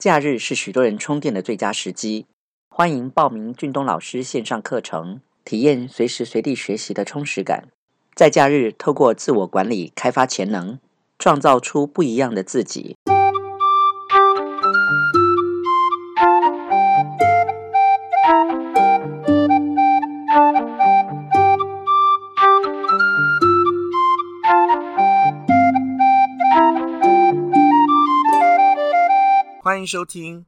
假日是許多人充電的最佳時機，歡迎報名俊東老師線上課程，體驗隨時隨地學習的充實感。在假日，透過自我管理開發潛能，創造出不一樣的自己。歡迎收聽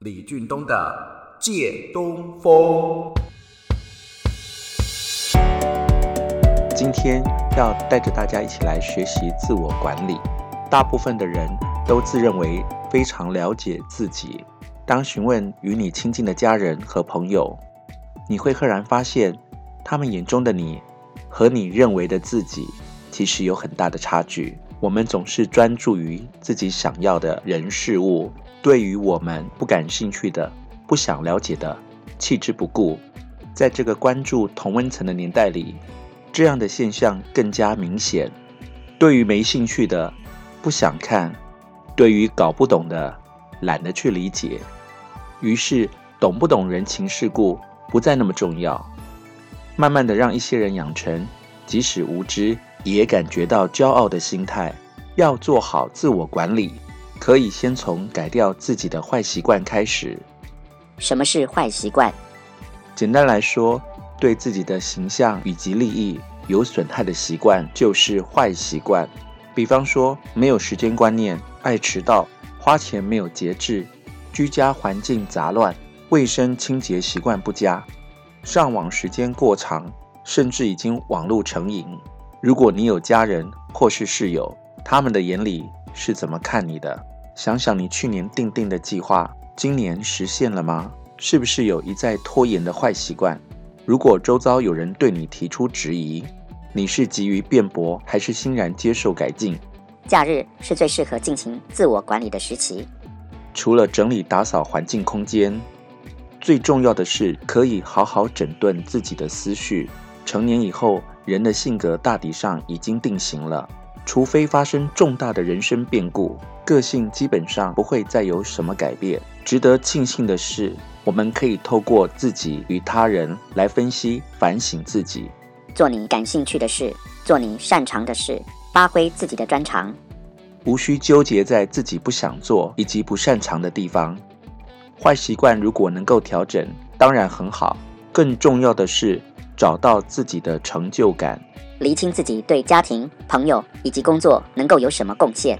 李俊東的《借東風》。今天要帶着大家一起來學習自我管理。大部分的人都自認為非常了解自己。當詢問與你親近的家人和朋友，你會赫然發現，他們眼中的你和你認為的自己，其實有很大的差距。我們總是專注於自己想要的人事物。對於我們不感興趣的、不想了解的，棄之不顧。在這個關注同溫層的年代裡，這樣的現象更加明顯。對於沒興趣的，不想看；對於搞不懂的，懶得去理解。於是，懂不懂人情世故不再那麼重要。慢慢的，讓一些人養成，即使無知，也感覺到驕傲的心態，要做好自我管理。可以先從改掉自己的壞習慣開始。什麼是壞習慣？簡單來說，對自己的形象以及利益有損害的習慣就是壞習慣。比方說，沒有時間觀念，愛遲到，花錢沒有節制，居家環境雜亂，衛生清潔習慣不佳，上網時間過長，甚至已經網路成癮。如果你有家人或是室友，他們的眼裡，是怎麼看你的？想想你去年訂定的計劃，今年實現了嗎？是不是有一再拖延的壞習慣？如果周遭有人對你提出質疑，你是急於辯駁，還是欣然接受改進？假日是最適合進行自我管理的時期。除了整理打掃環境空間，最重要的是可以好好整頓自己的思緒。成年以後，人的性格大抵上已經定型了。除非發生重大的人生變故，個性基本上不會再有什麼改變。值得慶幸的是，我們可以透過自己與他人來分析、反省自己。做你感興趣的事，做你擅長的事，發揮自己的專長，無需糾結在自己不想做以及不擅長的地方。壞習慣如果能夠調整，當然很好。更重要的是，找到自己的成就感，釐清自己對家庭、朋友以及工作能夠有什麼貢獻，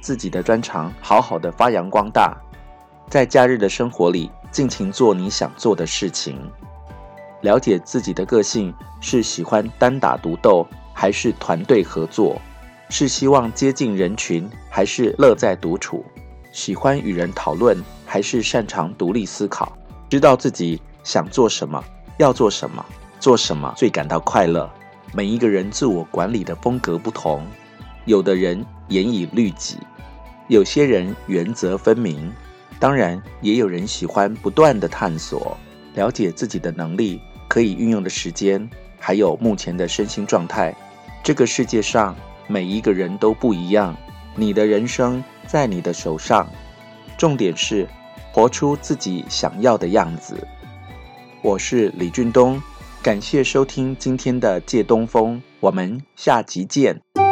自己的專長好好的發揚光大，在假日的生活裡盡情做你想做的事情。了解自己的個性是喜歡單打獨鬥還是團隊合作，是希望接近人群還是樂在獨處，喜歡與人討論還是擅長獨立思考，知道自己想做什麼，要做什麼。做什麼最感到快樂？每一個人自我管理的風格不同，有的人嚴以律己，有些人原則分明，當然也有人喜歡不斷地探索，了解自己的能力，可以運用的時間，還有目前的身心狀態。這個世界上每一個人都不一樣，你的人生在你的手上。重點是活出自己想要的樣子。我是李俊東。感謝收聽今天的借東風，我們下集見。